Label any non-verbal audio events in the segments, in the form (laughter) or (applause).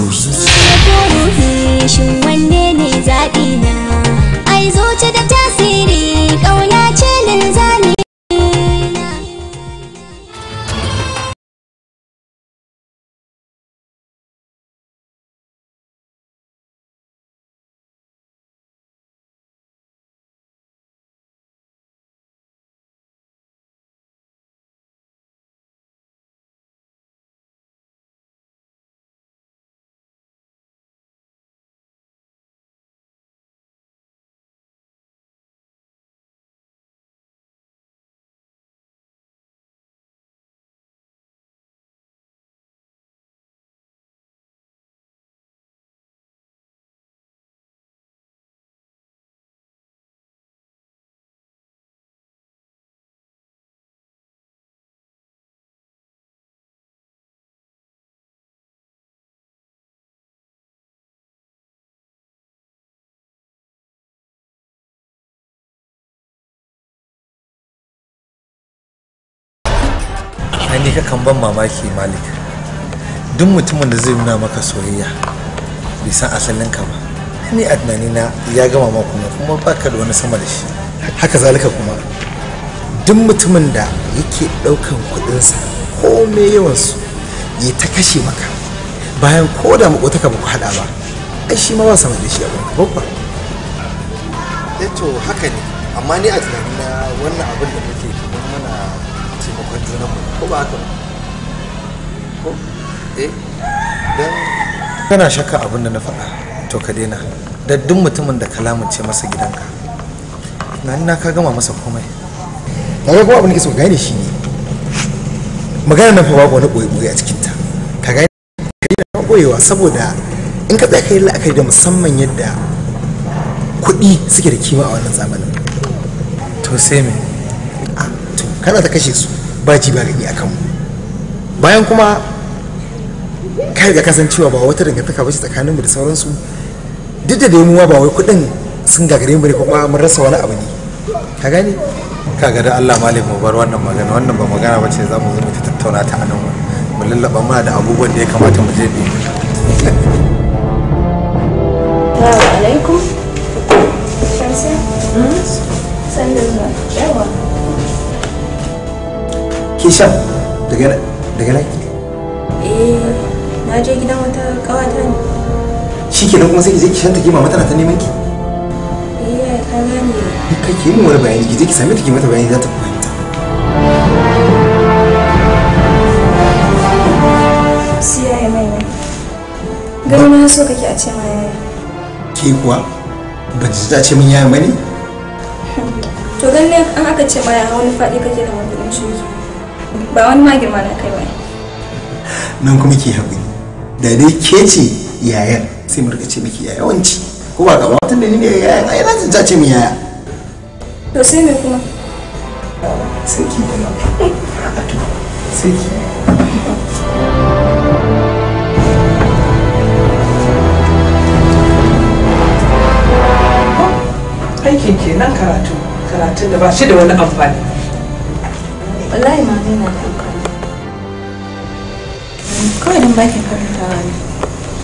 Cruz. ne ka kan ban mamaki malik duk mutumin da zai nuna maka soyayya bai san asalin ka ba ni adnani na ya gama ma kuma kuma baka da wani sama da shi haka zalika kuma duk mutumin da yake daukan kudinsa ko me yawansu ya ta kashe maka bayan ko da makotaka ba ku hada ba ai shi ma ba sama da shi a babba eh to haka ne amma ni a tunanina wannan abin da taimakon junanmu ko ba haka ko eh don kana shakka abin da na faɗa to ka daina da duk mutumin da ka lamunce masa gidanka na na ka gama masa komai kaga kuma abin da ke so gane shi ne magana na fa babu wani ɓoye-ɓoye a ta ka gane ka yi da boyewa saboda in ka tsaya ka yi la'akari da musamman yadda kuɗi suke da kima a wannan zamanin to sai me kana ta kashe su ba ji ba gani akan mu bayan kuma ka riga kasancewa ba wata dangantaka ba ce tsakanin mu da sauransu duk da dai mu ba wai kuɗin sun gagare mu ne kuma mun rasa wani abu ne ka gane kaga da Allah malik mu bar wannan magana wannan ba magana ba ce za mu zo mu tattauna ta anan mu lallaba muna da abubuwan da ya kamata mu je bi Assalamu alaikum. Hmm? Yawa. Isham daga daga nan kike? Eh, na je gidan wata kawata ne. Shi kenan kuma sai ki je ki shanta ki mama tana ta neman ki? Eh, ka gane. Kai ki mun wani bayani ki je ki same ta ki mata bayani za ta fahimta. Siya ya mai mai. Gani na so kake a ce ma yaya. Ke kuwa? Ba ji ta ce min yaya ne. (laughs) To ganin an aka ce ma yaya wani faɗi kake da wani ɗan shuki. ba wani ma na kai wani nan kuma ke haƙuri da dai ke ce yayan sai mu ce miki ko ba gaba tun da ni ne yayan ai na jinja ce mu yaya to sai me kuma sai ki da (laughs) to sai ki aikin kenan karatu karatu da ba shi da wani amfani wallahi ma yana da amfani kawai don bakin karantawa ne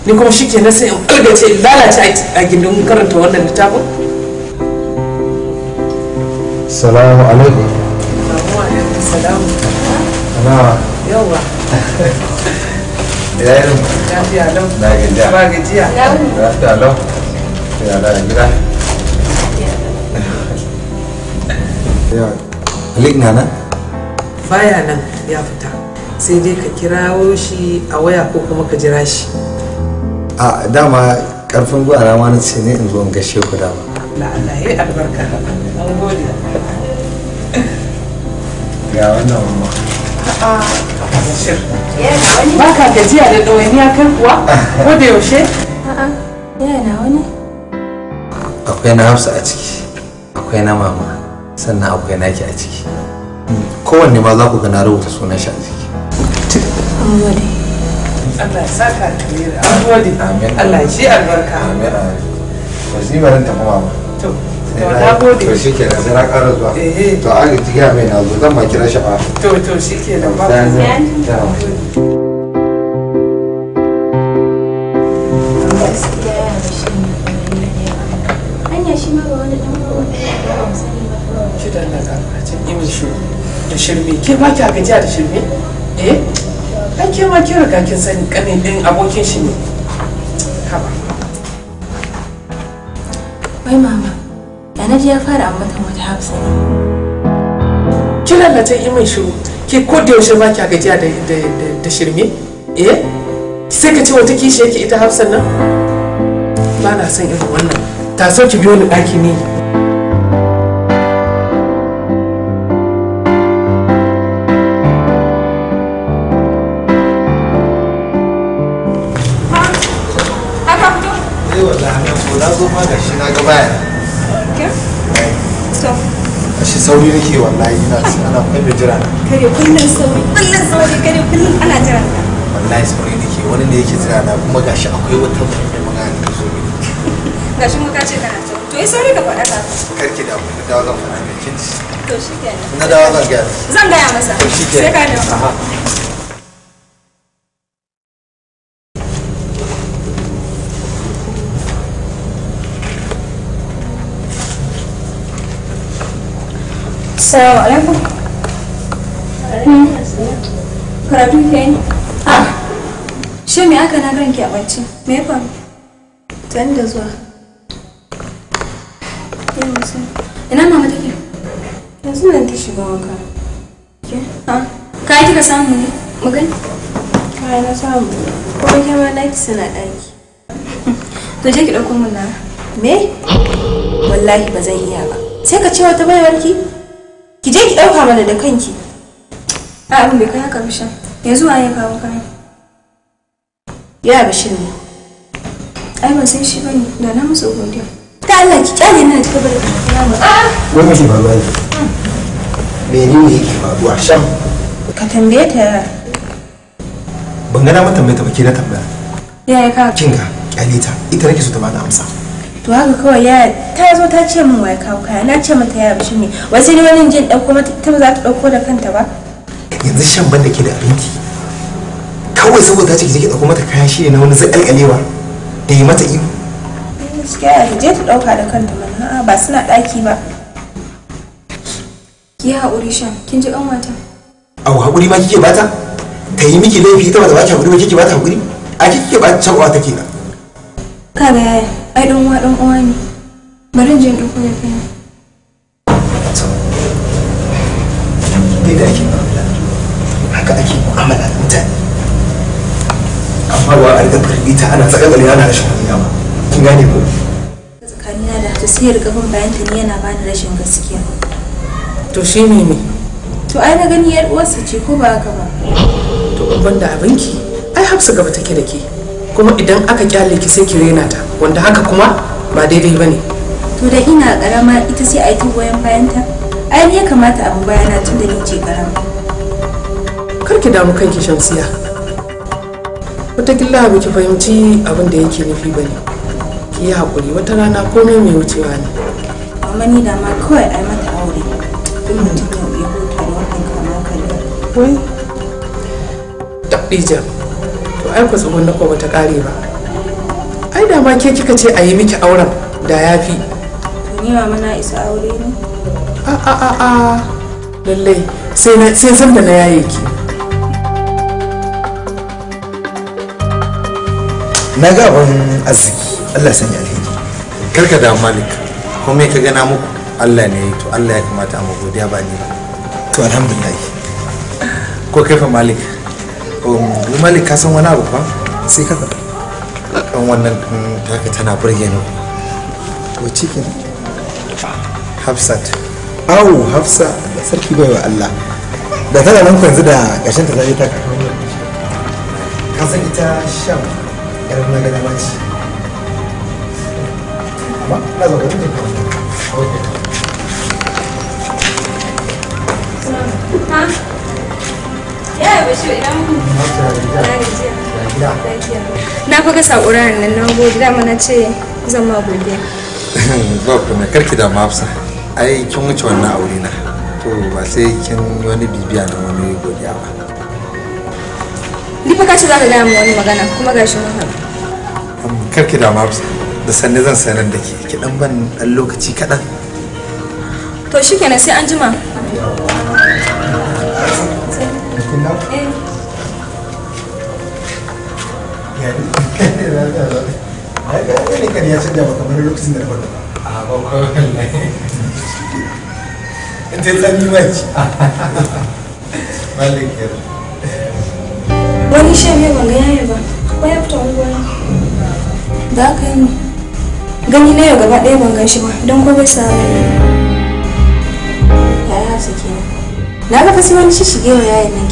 ni kuma shi ke nasa in ƙargace ce lalace a gindin karanta wannan littafin salamu alaikum salamu alaikum yawa ya yi na gajiya ba ya gida ya baya nan ya fita sai dai ka kirawo shi a waya ko kuma ka jira shi a dama karfin gwiwa na ce ne in zo in gashe ku dama Allah ya albarka an gode ga wannan mamma ba ka gajiya da ɗawainiya kai kuwa ko da yaushe yana wani akwai na hafsa a ciki akwai na mama sannan akwai naki a ciki kowanne ma za ku ga na rubuta sunan shi a ciki Allah ya saka Amin. Allah shi albarka amin ta kuma ba to to eh, shi na ƙara zuwa eh, eh. to mai na zo zan ma kira shi ba to to shi shirme ke ba ki gajiya da shirme eh ai ke ma ke riga kin sani kane din abokin shi ne haba wai mama da ji ya fara amma ta wata hafsa ne ki ta yi mai shiru ke ko da yaushe ba ki gajiya da da shirme eh sai ka ce wata kishi yake ita hafsan nan ba na son irin wannan ta so ki biyo ni ɗaki ne na zo ma na ga baya to shi sauri nake wallahi ina ana jira na kare kullun sauri kullun sauri kare kullun ana jira na wallahi sauri nake wani ne yake jira na kuma gashi akwai wata mai magana ta so ne shi mu ka ce kana so to yi sauri ka faɗa ka karki da ku da zan faɗa ne kin to shi kenan na zan ga zan ga ya masa sai ka ne Assalamu alaikum. Karatu ke yi? Ah, shi me aka na ranki a bacci? Me ya faru? Tun da zuwa. Ina mama take? Yanzu nan ta shiga wanka. Ke? Ah, kai kika samu ne? Mu gani? Kai na samu. Ko ke ma daki suna daki. To je ki ɗauko mun na. Me? Wallahi ba zan iya ba. Sai ka ce wata baiwarki ki je ki ɗauka mana da kanki a abin bai kai haka ba bishan yanzu a ya kawo kai ya shi ne ai ba sai shi bane da na musu godiya ta Allah ki kyale ni ta kabar da ah! Wai wani shi ba ne? me ne ne yake faruwa shan ka tambaye ta ban gana mata mai ta ba ke na tambaya yaya ka kinga kyale ta ita nake so ta bada amsa to haka kawai ya ta zo ta ce min wai kawo kaya na ce mata ya bishi ne wasu ne wani jin ɗauko mata ta za ta ɗauko da kanta ba yanzu shan banda ke da abinci kawai saboda ta ce ki ɗauko mata kaya shi ne na wani zaƙalƙalewa da yi mata iyo gaskiya ya je ta ɗauka da kanta mana ba suna ɗaki ba ki haƙuri shan kin ji ƙanwata au haƙuri ma kike bata ta yi miki laifi ita ba ta baki haƙuri ba kike bata haƙuri a kike ba ta take na kaga yaya ai dan uwa dan uwa ne bari je in koya kai ne da ake mu'amala haka ake mu'amala da mutane amma ba a riga firgita ana tsakagali ana rashin kunya ba kin gane ko tsakanina da hata sai riga bin bayan ta ne yana ba ni rashin gaskiya to shi ne ne to ai na gani yar uwarsa ce ko ba haka ba to ban da abinki ai hafsa gaba take da ke kuma idan aka kyale ki sai ki rena ta wanda haka kuma ba daidai ba ne to da ina karama ita sai a yi ta goyon bayanta ai ya kamata abu bayana tun da ni ce karama kar ki damu kanki shamsiya wataƙila ba ki fahimci abin da yake nufi ba ne ki yi haƙuri wata rana komai mai wucewa ne amma ni da ma kawai ai mata aure in mutum ya huta da wannan kama kariya. wai taɓijar ai ku na ko ta kare ba ai da ma ke kika ce a yi miki auren da ya fi ni ma na isa aure ne a a a a lallai sai na sai san da na yaye ki na ga abin arziki Allah sanya alheri karka da malik kuma ka gana muku Allah ne ya to Allah ya kamata a godiya ba ni ba to alhamdulillah ko kaifa malik Um, malik ka san wani abu ba sai kaka faɗa kan wannan taka tana burge ni to cikin hafsat awu hafsa da sarki bai wa allah da tana nan yanzu da ƙarshen ta zai ta ka san ita sham yar na gada ba ce amma na zaɓa ta ne Huh? Eh, na faga sakura nan na gode dama na ce zan ma godiya ba kuma karki da mafsa hafsa ai kin wuce wannan aure na to ba sai kin wani bibiya na wani godiya ba ni fa kace za ka gaya wani magana kuma ga shi mun haɗu karki da mafsa da sanne zan sanar da ke ki dan ban dan lokaci kaɗan to shikenan sai an jima din eh. nan ne na ga ne ya ba kamar lokacin da na a ba ta wani ba ya yi mu gani na yau gaba ɗaya ban gan shi ba don ko bai samu yaya hafsa kenan na ga fasi wani shishige wa yayin nan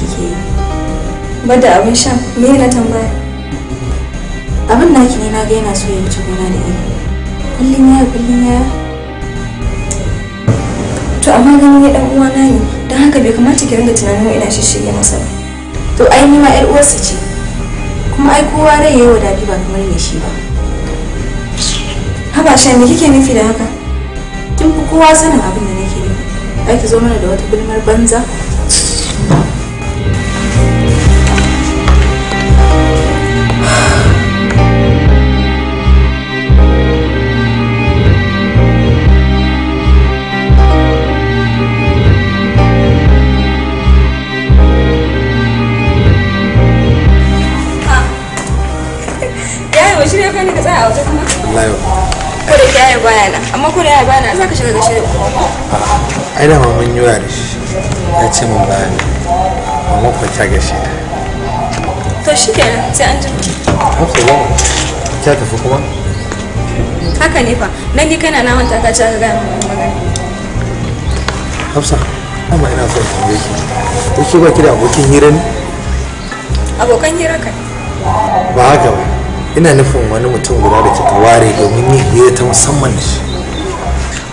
bada abin shan me na tambaya abin naki ne na ga yana so ya wuce gona da iri kullum ya kullum ya to amma ganin ya dan uwa na ne don haka bai kamata ki ringa tunanin ina shishige masa ba to ai ni ma yar uwarsa ce kuma ai kowa rai yayi wadadi ba kamar me shi ba haba shan me kike nufi da haka kin fi kowa sanin abin da nake nufi ai ki zo mana da wata gulmar banza bana za ka shiga da shi ai da mamun yi da shi ya ce mun ba ni mamun kwanta ga shi to shi kenan sai an jima ok ba ta tafi kuma haka ne fa nan dai kana naman ta kaci aka gaya hafsa amma ina son tambaye ki yake ba ki da abokin hira ne abokan hira kai ba haka ba ina nufin wani mutum guda da kika ware domin yin hira ta musamman da shi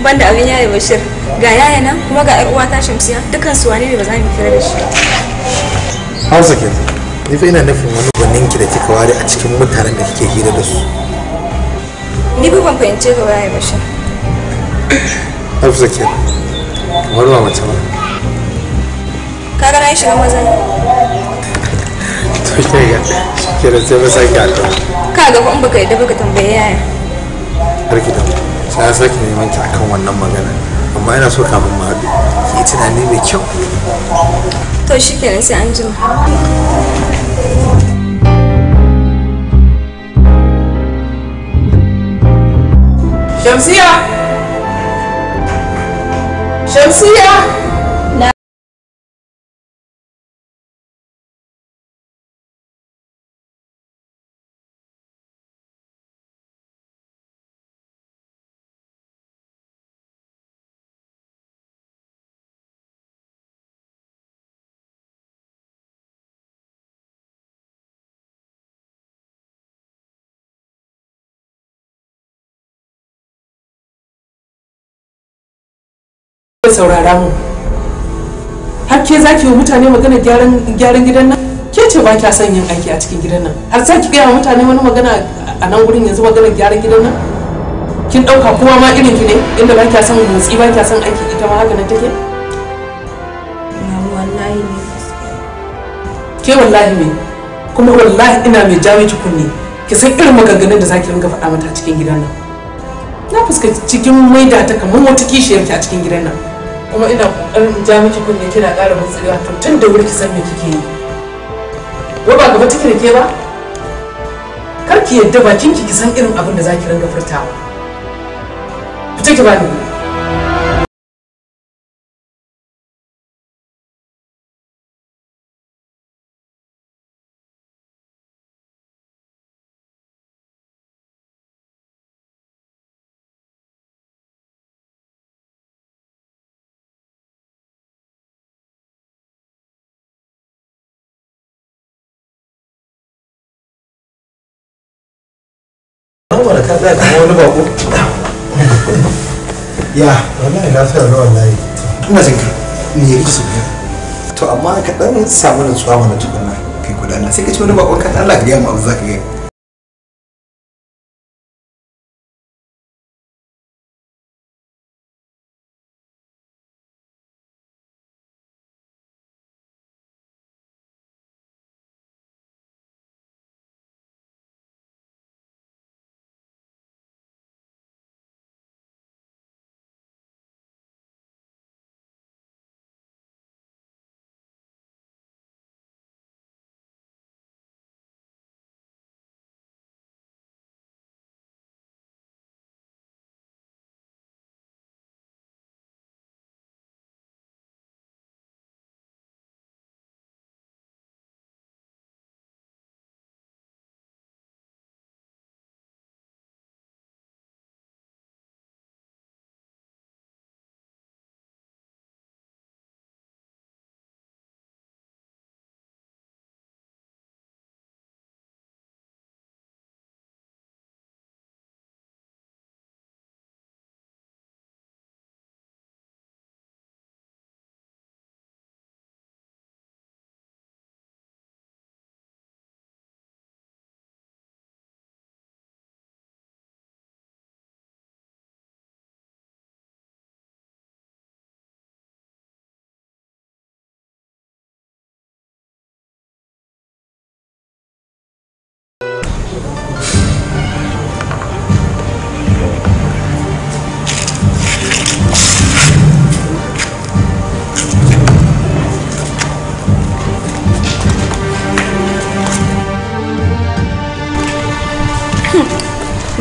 banda abin yaya bashir ga yaya nan kuma ga uwa ta shamsiya dukkan su wane ne ba za mu fira da shi hausa ke ni fa ina nufin wani gwanin ki da kika ware a cikin mutanen da kike hira da su ni ba ban fahimce ka ba yaya bashir hausa ke kamar ba mace ba ka ga na shiga maza ne to shi ga ke da sai ba sai ka ka ga ba in baka yadda baka tambaye yaya har ki sai na sake neman ta akan wannan magana amma yana so kafin mu haɗu ki yi tunani mai kyau to shi kenan sai an jima Shamsiya! Shamsiya! saurara mu har ke za ki mutane magana gyaran gidan nan ke ce ba kya son yin aiki a cikin gidan nan har sai ki gaya wa mutane wani magana a nan wurin yanzu magana gyaran gidan nan kin ɗauka kowa ma irin ki ne inda ba kya son motsi ba kya son aiki ita ma haka nan take wallahi ne ke wallahi me kuma wallahi ina mai jawo ki kunne ki san irin maganganun da zaki ringa faɗa mata cikin gidan nan na fuskanci cikin maida ta kamar wata kishiyar ki a cikin gidan nan kuma ina ƙoƙarin ja miki kunne kina ƙara mutsulewa to tun da wuri ki san me kike yi wai ba gaba take da ke ba kar ki yadda bakin ki san irin abin da zaki ringa furtawa fita ki ni damu mana ka tsaya kamar wani bako ya wallahi ina jin ka ya to amma ka dan samu nutsuwa kai sai ka ci wani bakon ka Allah ka mu abu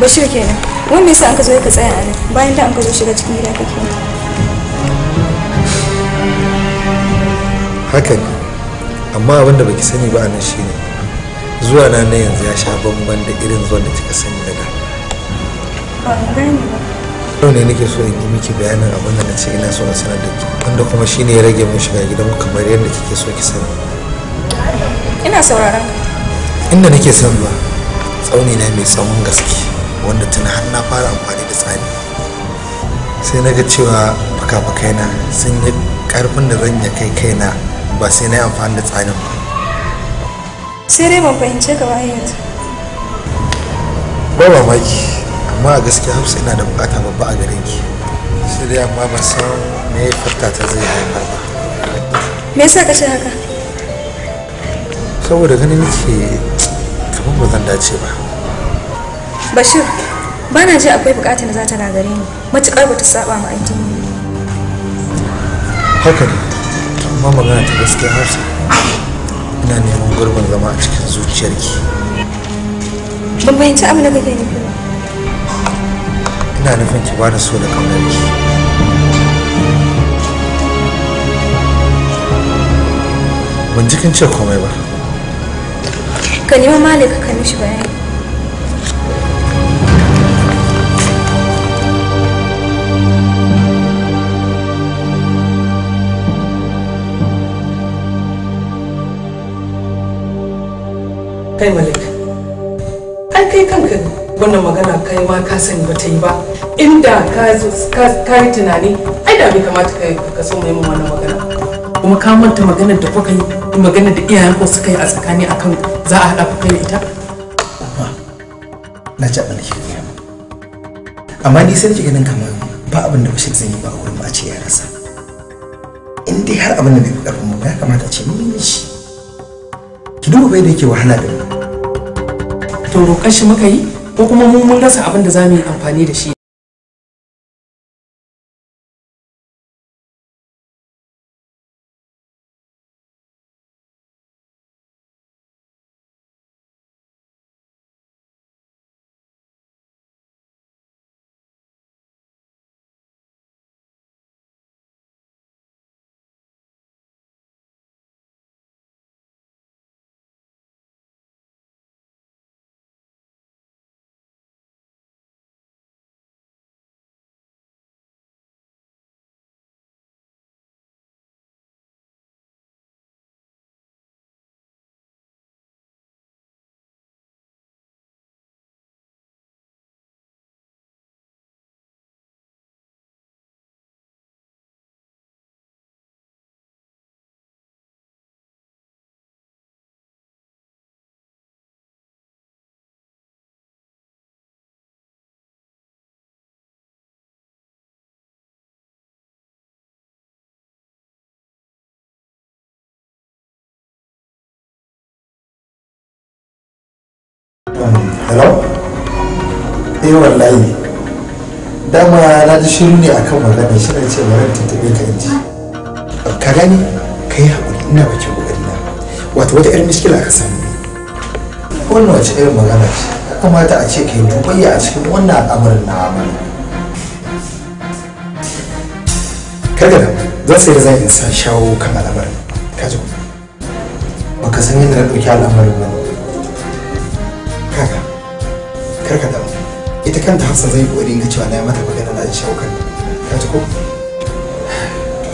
bashir kenan wanda yasa an ka zo ka tsaya a nan bayan da an ka zo shiga cikin gida kake haka ne amma abin da baki sani ba a nan shine zuwa na na yanzu ya sha bamban da irin zuwan da kika sani da da ba gane ba yau ne nake so in yi miki bayanin abin da nace ina so na sanar da ki wanda kuma shine ya rage mun shiga gidan kamar yadda kike so ki sani ina sauraron inda nake son ba tsauni na mai tsawon gaske wanda tun har na fara amfani da tsari sai na ga cewa fuka na sun yi karfin da zan ya kai kaina ba sai na yi amfani da tsarin ba sai dai ban fahimce ka bayan yanzu ba mamaki amma a gaskiya hafsa ina da bukata babba a gare ki sai dai amma ban san me ya furta ta zai haifar ba me yasa ka ce haka saboda ganin ke kamar ba zan dace ba bashir bana ji akwai bukatar da za ta gagare ni matukar ba ta saba ma addini haka ne amma magana ta gaskiya har ina neman gurbin zama a cikin zuciyarki ban fahimci abin da kake nufi ba ina nufin ki bani so da kaunarki ban ji kin ce komai ba ka nemi malika ka shi bayani kai malik ai kai kanka wannan magana kai ma ka sani ba ta yi ba inda ka yi tunani ai da bai kamata ka so mai wannan magana kuma ka manta maganar da kuka yi maganar da iyayen ku suka yi a tsakani akan za a haɗa kuka ita amma na ci abin da ke gaya amma ni sai ki ganin kamar ba abin da bashir zan yi ba a wurin ba a ce ya rasa in dai har abin da bai karfin mu ya kamata a ce mun yi shi ki duba bai da yake wahala da mu to rokashi muka yi ko kuma mu mun rasa abin da za mu yi amfani da shi hello eh wallahi dama na ji shiru ne akan magana shi ne ce bari tabe ka inji ka gani ka yi haƙuri ina bakin ƙoƙari na wato wata irin miskila ka sami wannan wace irin magana ce ya kamata a ce ka yi dubayya a cikin wannan al'amarin na amma kada da zan sai da zan in sa shawo kan al'amarin ka ji ba ka san yadda na ɗauki al'amarin nan ba. karka da ita kanta hafsa zai kokari ga cewa na yi mata magana na shi shaukan ka ji ko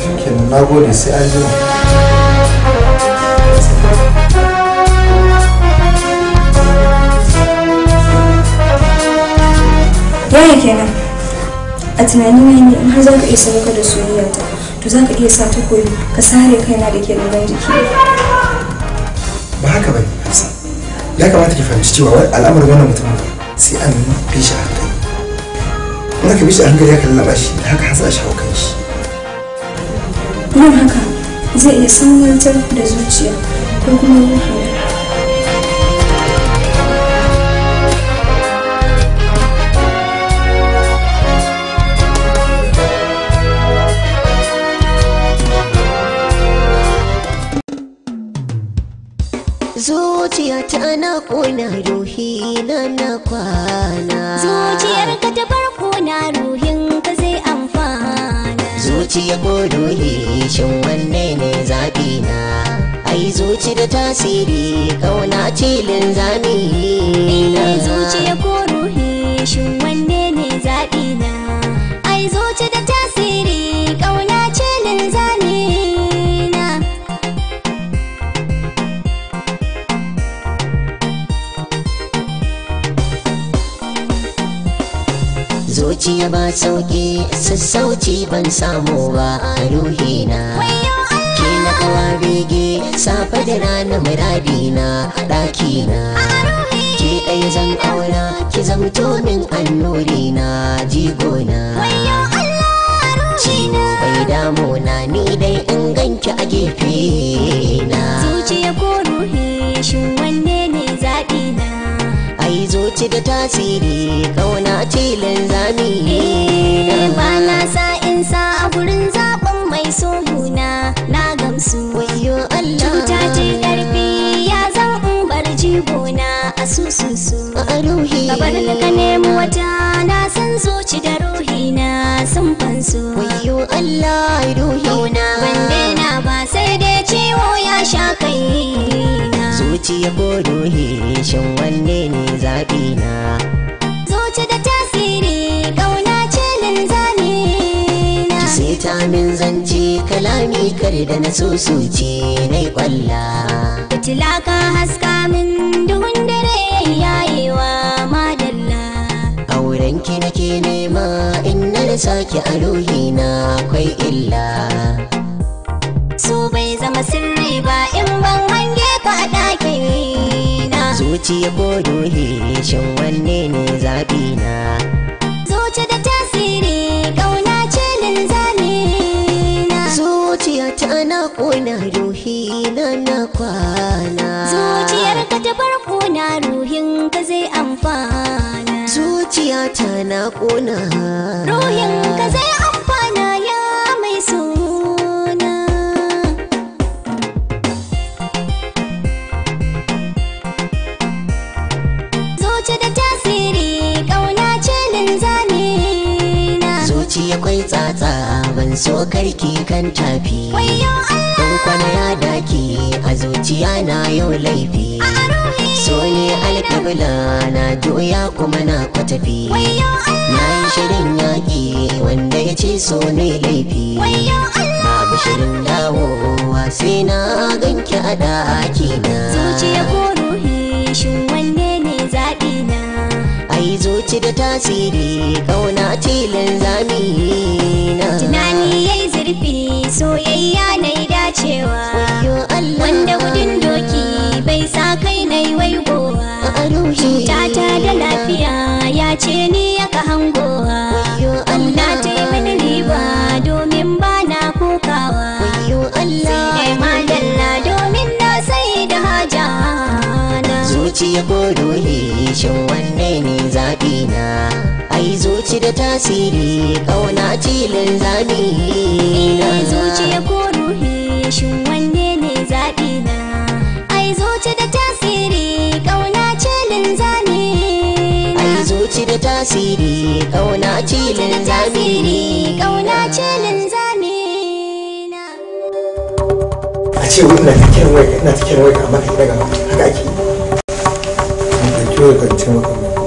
shikenan na gode sai an ya yaya kenan a tunani ne in har za ka iya sadaka da soyayyata to za ka iya sa ta koyi ka sare kaina da ke ban jiki ba haka ba ne ya kamata ki fahimci cewa al'amarin wannan mutumin sai an bi shi a hankali in aka bi shi a hankali aka lallaba shi haka har shi hau kan shi yin haka zai iya sanyantar da zuciya ko kuma yin hawa soyayya na kona ruhi na na kwana zuciyar ka ta farko na ruhin ka zai amfana zuciya ko ruhi shin wanne ne zabi na ai zuci da tasiri kauna cilin zami na zuciya ko ruhi shin ya ba sauki sassauci ban samu ba a ruhina ke na kawa bege safe da rana muradina a ɗakina ke ɗaya zan aura ki zamto min annurina jigona cino bai na ni dai in ganki a gefe na zuciya ko ruhi shi wanne zo ci da tasiri kauna ce linzami eh, ba na sa in sa a gurin zaɓin mai sohuna na gamsu wayo Allah cuta ce ƙarfi ya zan bar jibona a susun su a ruhi gabar da ka nemi wata na san ci da ruhi na sun fansu wayo Allah ruhi na ban na ba sai dai ciwo ya sha kai zuciya ko ruhi shin wanne zaɓina. Zuci da tasiri ƙauna ce linzami na. Ki sai ta min zanci kalami kare da na susuce na ƙwalla. Fitila ka haska min duhun dare yayewa madalla. Auren ki nake nema in na rasa ki a ruhina akwai illa. So bai zama sirri ba in ban hange ka a ɗakin zuciya ko dole shin wanne ne zaɓi na zuciya da tasiri ƙauna ce linzami na zuciya ta na ƙona ruhi na na kwana zuciyar ka ta farko na ruhin ka zai amfana zuciya ta na ƙona karki kan tafi Don kwana ya daki a zuciya na yau laifi So ne alkabla na doya kuma na kwatafi Na yi shirin yaƙi wanda ya ce so ne laifi Babu shirin dawowa sai na ganki a daki na Zuciya ko ruhi shi ki da tasiri kauna tilin zami na tunani yayi zurfi soyayya na yi dacewa wanda gudun doki bai sa kai na yi waigowa ta da lafiya ya ce ni ya ka hangowa Allah ta yi mini riba domin ba na kokawa sai madalla domin na sai da haja zuciya ko shin da tasiri kauna cilin zami ina zuciya ko ruhi shin wanne ne zaɓi na ai zuci da tasiri kauna cilin zami ai zuci da tasiri kauna cilin zami kauna cilin zami a ce wani na cikin wai na cikin wai amma ka daga haka ake yi. Thank you.